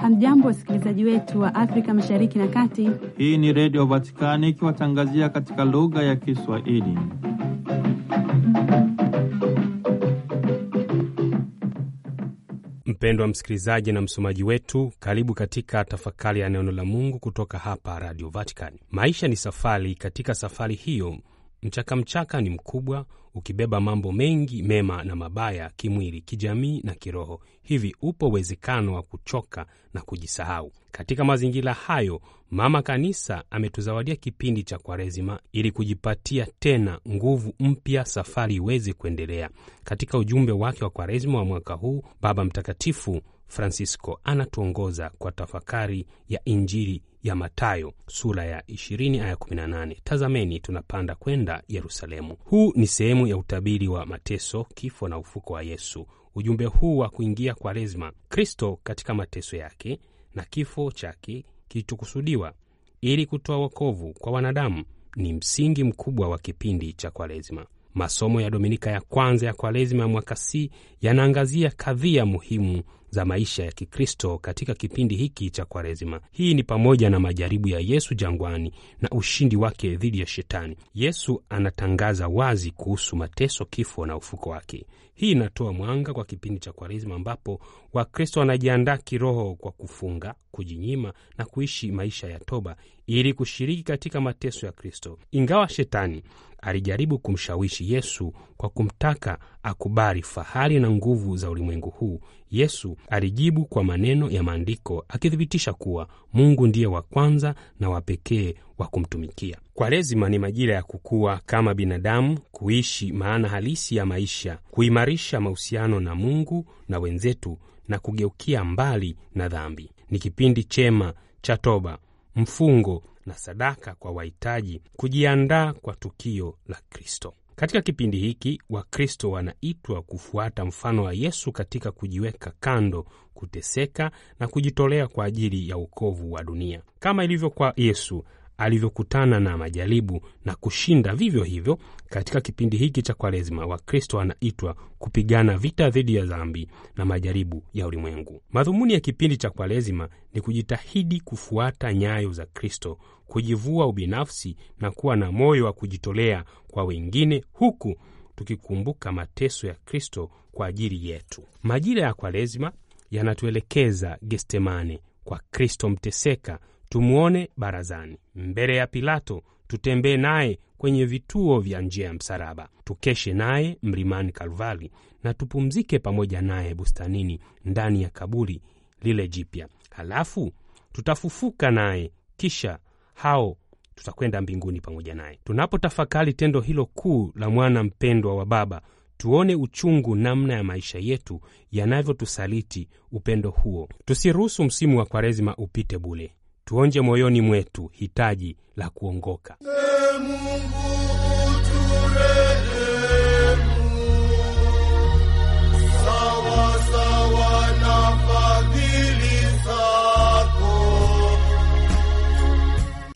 Hamjambo, wasikilizaji wetu wa Afrika mashariki na kati. Hii ni Redio Vatikani ikiwatangazia katika lugha ya Kiswahili. Mpendwa msikilizaji na msomaji wetu, karibu katika tafakari ya neno la Mungu kutoka hapa Radio Vatikani. Maisha ni safari. Katika safari hiyo Mchakamchaka ni mkubwa, ukibeba mambo mengi mema na mabaya, kimwili, kijamii na kiroho. Hivi upo uwezekano wa kuchoka na kujisahau. Katika mazingira hayo, Mama Kanisa ametuzawadia kipindi cha Kwaresima ili kujipatia tena nguvu mpya, safari iweze kuendelea. Katika ujumbe wake wa Kwaresima wa mwaka huu, Baba Mtakatifu Francisco anatuongoza kwa tafakari ya Injili ya Matayo sura ya 20 aya 18, tazameni tunapanda kwenda Yerusalemu. Huu ni sehemu ya utabiri wa mateso, kifo na ufuko wa Yesu. Ujumbe huu wa kuingia rezma Kristo katika mateso yake na kifo chake kilichokusudiwa ili kutoa wokovu kwa wanadamu ni msingi mkubwa wa kipindi cha Kwaresma. Masomo ya Dominika ya kwanza ya Kwaresma ya mwaka C yanaangazia kadhia muhimu za maisha ya Kikristo katika kipindi hiki cha kwarezima Hii ni pamoja na majaribu ya Yesu jangwani na ushindi wake dhidi ya Shetani. Yesu anatangaza wazi kuhusu mateso, kifo na ufuko wake. Hii inatoa mwanga kwa kipindi cha Kwaresima ambapo Wakristo wanajiandaa kiroho kwa kufunga, kujinyima na kuishi maisha ya toba ili kushiriki katika mateso ya Kristo. Ingawa shetani alijaribu kumshawishi Yesu kwa kumtaka akubali fahari na nguvu za ulimwengu huu, Yesu alijibu kwa maneno ya Maandiko akithibitisha kuwa Mungu ndiye wa kwanza na wa pekee wa kumtumikia. Kwaresima ni majira ya kukua kama binadamu, kuishi maana halisi ya maisha, kuimarisha mahusiano na Mungu na wenzetu, na kugeukia mbali na dhambi. Ni kipindi chema cha toba, mfungo na sadaka kwa wahitaji, kujiandaa kwa tukio la Kristo. Katika kipindi hiki Wakristo wanaitwa kufuata mfano wa Yesu katika kujiweka kando, kuteseka na kujitolea kwa ajili ya uokovu wa dunia. Kama ilivyo kwa Yesu, alivyokutana na majaribu na kushinda. Vivyo hivyo, katika kipindi hiki cha Kwaresima, Wakristo wanaitwa kupigana vita dhidi ya dhambi na majaribu ya ulimwengu. Madhumuni ya kipindi cha Kwaresima ni kujitahidi kufuata nyayo za Kristo, kujivua ubinafsi na kuwa na moyo wa kujitolea kwa wengine, huku tukikumbuka mateso ya Kristo kwa ajili yetu. Majira ya Kwaresima yanatuelekeza gestemane kwa Kristo mteseka tumwone barazani, mbele ya Pilato, tutembee naye kwenye vituo vya njia ya msalaba, tukeshe naye mlimani Kalvari, na tupumzike pamoja naye bustanini ndani ya kaburi lile jipya. Halafu tutafufuka naye, kisha hao tutakwenda mbinguni pamoja naye. Tunapotafakari tendo hilo kuu la mwana mpendwa wa Baba, tuone uchungu namna ya maisha yetu yanavyotusaliti upendo huo. Tusiruhusu msimu wa Kwaresima upite bule tuonje moyoni mwetu hitaji la kuongoka. Hey, ee Mungu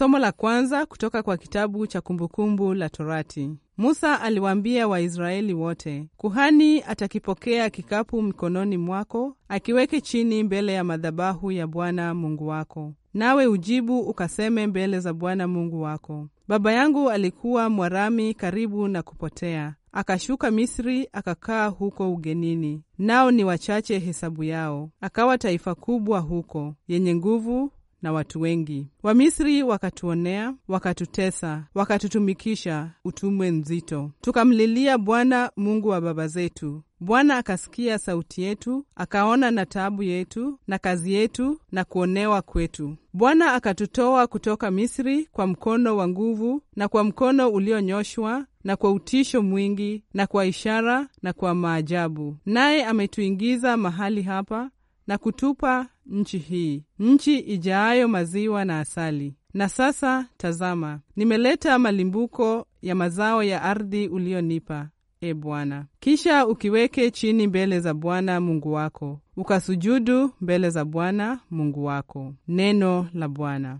Somo la kwanza kutoka kwa kitabu cha Kumbukumbu la Torati. Musa aliwaambia Waisraeli wote, kuhani atakipokea kikapu mkononi mwako, akiweke chini mbele ya madhabahu ya Bwana Mungu wako, nawe ujibu ukaseme mbele za Bwana Mungu wako, baba yangu alikuwa Mwarami karibu na kupotea, akashuka Misri akakaa huko ugenini, nao ni wachache hesabu yao, akawa taifa kubwa huko yenye nguvu na watu wengi. Wamisri wakatuonea, wakatutesa, wakatutumikisha utumwe nzito. Tukamlilia Bwana Mungu wa baba zetu. Bwana akasikia sauti yetu, akaona na taabu yetu na kazi yetu na kuonewa kwetu. Bwana akatutoa kutoka Misri kwa mkono wa nguvu na kwa mkono ulionyoshwa na kwa utisho mwingi na kwa ishara na kwa maajabu, naye ametuingiza mahali hapa na kutupa nchi hii, nchi ijaayo maziwa na asali. Na sasa tazama, nimeleta malimbuko ya mazao ya ardhi ulionipa, e Bwana. Kisha ukiweke chini mbele za Bwana Mungu wako, ukasujudu mbele za Bwana Mungu wako. Neno la Bwana.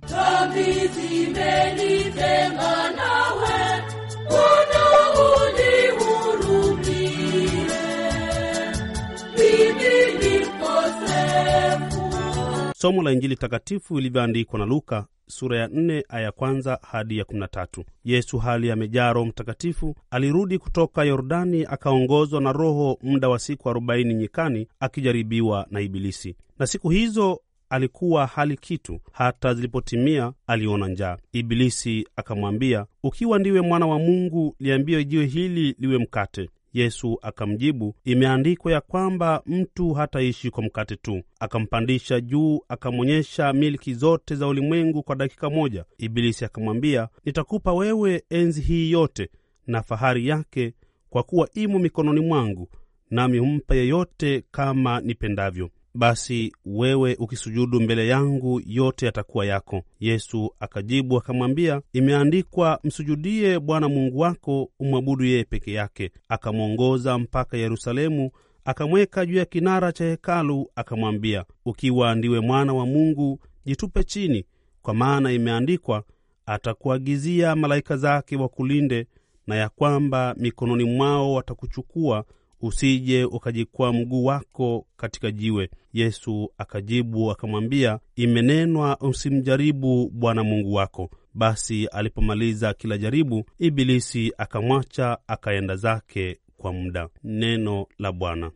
Somo la Injili takatifu ilivyoandikwa na Luka sura ya 4 aya kwanza hadi ya 13. Yesu hali amejaa Roho Mtakatifu alirudi kutoka Yordani akaongozwa na Roho muda wa siku 4 nyikani akijaribiwa na Ibilisi, na siku hizo alikuwa hali kitu, hata zilipotimia aliona njaa. Ibilisi akamwambia, ukiwa ndiwe mwana wa Mungu, liambie jiwe hili liwe mkate. Yesu akamjibu, imeandikwa ya kwamba mtu hataishi kwa mkate tu. Akampandisha juu, akamwonyesha milki zote za ulimwengu kwa dakika moja. Ibilisi akamwambia, nitakupa wewe enzi hii yote na fahari yake, kwa kuwa imo mikononi mwangu, nami humpa yeyote kama nipendavyo basi wewe ukisujudu mbele yangu yote yatakuwa yako. Yesu akajibu akamwambia, imeandikwa, msujudie Bwana Mungu wako, umwabudu yeye peke yake. Akamwongoza mpaka Yerusalemu, akamweka juu ya kinara cha hekalu, akamwambia, ukiwa ndiwe mwana wa Mungu, jitupe chini, kwa maana imeandikwa, atakuagizia malaika zake wakulinde, na ya kwamba mikononi mwao watakuchukua usije ukajikwaa mguu wako katika jiwe. Yesu akajibu akamwambia, imenenwa, usimjaribu Bwana Mungu wako. Basi alipomaliza kila jaribu, Ibilisi akamwacha akaenda zake kwa muda. Neno la Bwana.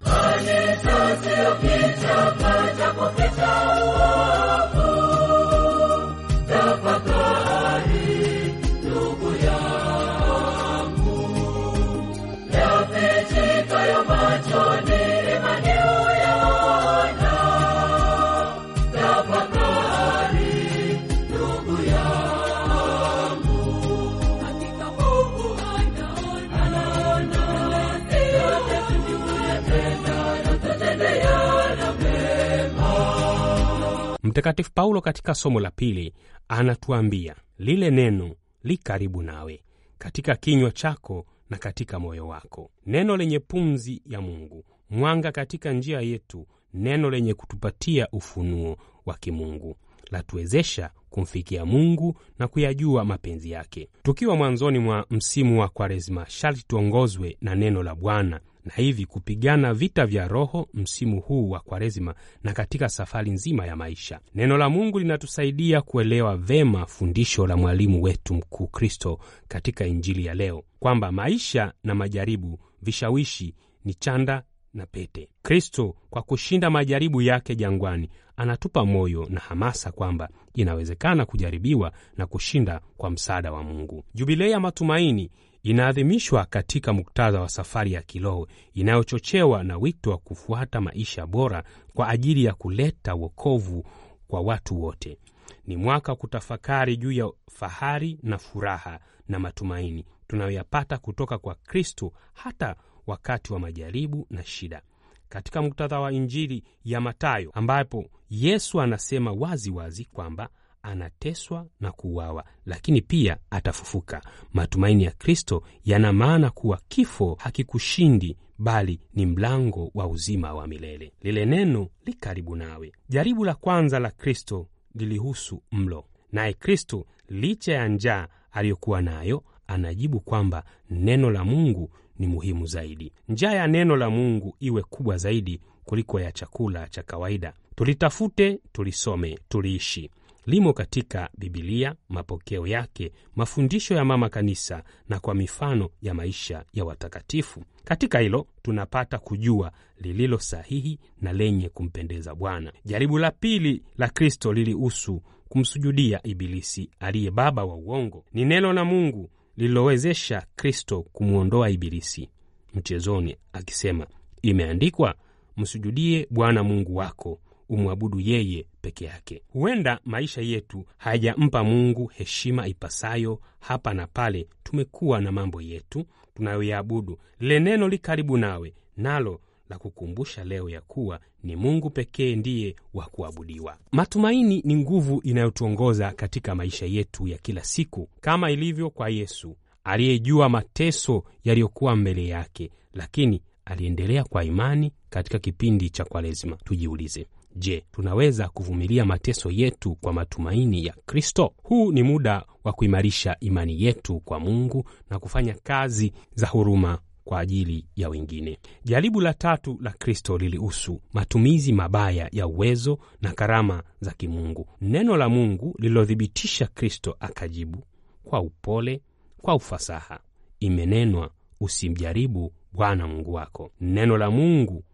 Mtakatifu Paulo katika somo la pili anatuambia lile neno li karibu nawe, katika kinywa chako na katika moyo wako, neno lenye pumzi ya Mungu, mwanga katika njia yetu, neno lenye kutupatia ufunuo wa kimungu, latuwezesha kumfikia Mungu na kuyajua mapenzi yake. Tukiwa mwanzoni mwa msimu wa Kwaresma, sharti tuongozwe na neno la Bwana na hivi kupigana vita vya roho msimu huu wa Kwaresima na katika safari nzima ya maisha. Neno la Mungu linatusaidia kuelewa vema fundisho la mwalimu wetu mkuu Kristo katika Injili ya leo kwamba maisha na majaribu, vishawishi ni chanda na pete. Kristo kwa kushinda majaribu yake jangwani anatupa moyo na hamasa kwamba inawezekana kujaribiwa na kushinda kwa msaada wa Mungu. Jubilei ya matumaini inaadhimishwa katika muktadha wa safari ya kiroho inayochochewa na wito wa kufuata maisha bora kwa ajili ya kuleta wokovu kwa watu wote. Ni mwaka wa kutafakari juu ya fahari na furaha na matumaini tunayoyapata kutoka kwa Kristo hata wakati wa majaribu na shida. Katika muktadha wa Injili ya Mathayo, ambapo Yesu anasema wazi wazi kwamba anateswa na kuuawa, lakini pia atafufuka. Matumaini ya Kristo yana maana kuwa kifo hakikushindi, bali ni mlango wa uzima wa milele. Lile neno li karibu nawe. Jaribu la kwanza la Kristo lilihusu mlo, naye Kristo licha ya njaa aliyokuwa nayo anajibu kwamba neno la Mungu ni muhimu zaidi. Njaa ya neno la Mungu iwe kubwa zaidi kuliko ya chakula cha kawaida. Tulitafute, tulisome, tuliishi limo katika Bibilia, mapokeo yake, mafundisho ya mama kanisa na kwa mifano ya maisha ya watakatifu. Katika hilo tunapata kujua lililo sahihi na lenye kumpendeza Bwana. Jaribu la pili la Kristo lilihusu kumsujudia Ibilisi aliye baba wa uongo. Ni neno la Mungu lililowezesha Kristo kumwondoa Ibilisi mchezoni akisema, imeandikwa, msujudie Bwana Mungu wako umwabudu yeye peke yake. Huenda maisha yetu hayajampa Mungu heshima ipasayo. Hapa na pale tumekuwa na mambo yetu tunayoyaabudu. Lile neno li karibu nawe, nalo la kukumbusha leo ya kuwa ni Mungu pekee ndiye wa kuabudiwa. Matumaini ni nguvu inayotuongoza katika maisha yetu ya kila siku, kama ilivyo kwa Yesu aliyejua mateso yaliyokuwa mbele yake, lakini aliendelea kwa imani katika kipindi cha Kwaresima. Tujiulize, Je, tunaweza kuvumilia mateso yetu kwa matumaini ya Kristo? Huu ni muda wa kuimarisha imani yetu kwa Mungu na kufanya kazi za huruma kwa ajili ya wengine. Jaribu la tatu la Kristo lilihusu matumizi mabaya ya uwezo na karama za kimungu. Neno la Mungu lililothibitisha Kristo akajibu kwa upole, kwa ufasaha, imenenwa usimjaribu Bwana Mungu wako. Neno la Mungu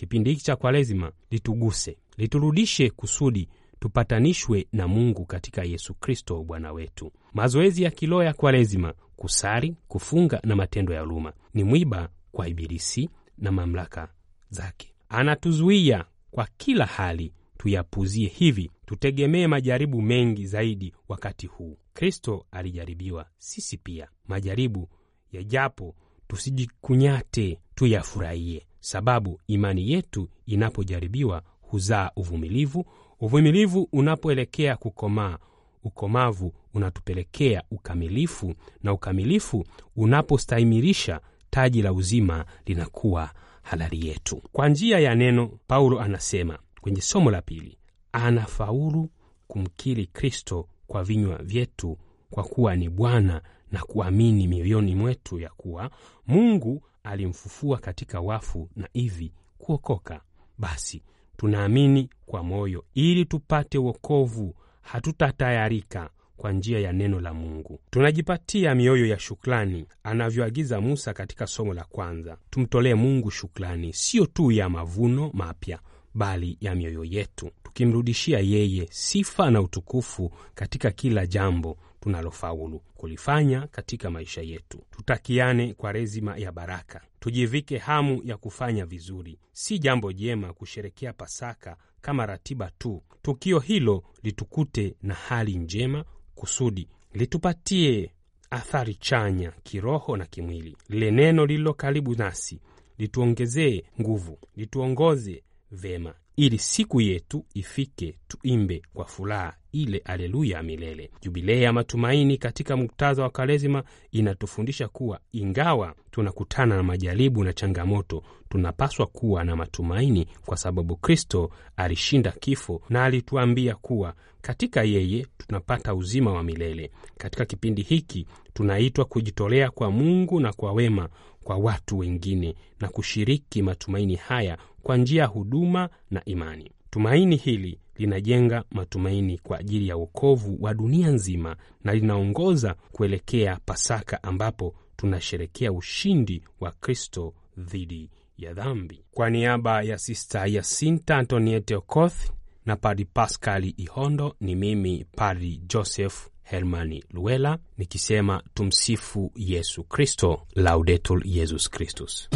kipindi hiki cha Kwaresima lituguse, liturudishe kusudi tupatanishwe na Mungu katika Yesu Kristo Bwana wetu. Mazoezi ya kiloo ya Kwaresima, kusali, kufunga na matendo ya huruma ni mwiba kwa Ibilisi na mamlaka zake. Anatuzuia kwa kila hali tuyapuzie, hivi tutegemee majaribu mengi zaidi wakati huu. Kristo alijaribiwa, sisi pia majaribu yajapo, tusijikunyate, tuyafurahie sababu imani yetu inapojaribiwa huzaa uvumilivu, uvumilivu unapoelekea kukomaa, ukomavu unatupelekea ukamilifu, na ukamilifu unapostahimirisha taji la uzima linakuwa halali yetu. Kwa njia ya neno, Paulo anasema kwenye somo la pili, anafaulu kumkiri Kristo kwa vinywa vyetu kwa kuwa ni Bwana na kuamini mioyoni mwetu ya kuwa Mungu alimfufua katika wafu na hivi kuokoka. Basi tunaamini kwa moyo ili tupate wokovu, hatutatayarika kwa njia ya neno la Mungu. Tunajipatia mioyo ya shukrani anavyoagiza Musa katika somo la kwanza. Tumtolee Mungu shukrani siyo tu ya mavuno mapya, bali ya mioyo yetu, tukimrudishia yeye sifa na utukufu katika kila jambo tunalofaulu kulifanya katika maisha yetu. Tutakiane kwa rezima ya baraka, tujivike hamu ya kufanya vizuri. Si jambo jema kusherekea Pasaka kama ratiba tu. Tukio hilo litukute na hali njema, kusudi litupatie athari chanya kiroho na kimwili. Lile neno lililo karibu nasi lituongezee nguvu, lituongoze vema, ili siku yetu ifike tuimbe kwa furaha ile aleluya ya milele. Jubilei ya matumaini katika muktadha wa Kwaresima inatufundisha kuwa ingawa tunakutana na majaribu na changamoto, tunapaswa kuwa na matumaini kwa sababu Kristo alishinda kifo na alituambia kuwa katika yeye tunapata uzima wa milele. Katika kipindi hiki tunaitwa kujitolea kwa Mungu na kwa wema kwa watu wengine na kushiriki matumaini haya kwa njia ya huduma na imani. Tumaini hili linajenga matumaini kwa ajili ya wokovu wa dunia nzima na linaongoza kuelekea Pasaka ambapo tunasherekea ushindi wa Kristo dhidi ya dhambi. Kwa niaba ya Sista Yasinta Antoniete Okoth na Padi Paskali Ihondo, ni mimi Padi Joseph Hermani Luela nikisema tumsifu Yesu Kristo, Laudetul Yesus Kristus.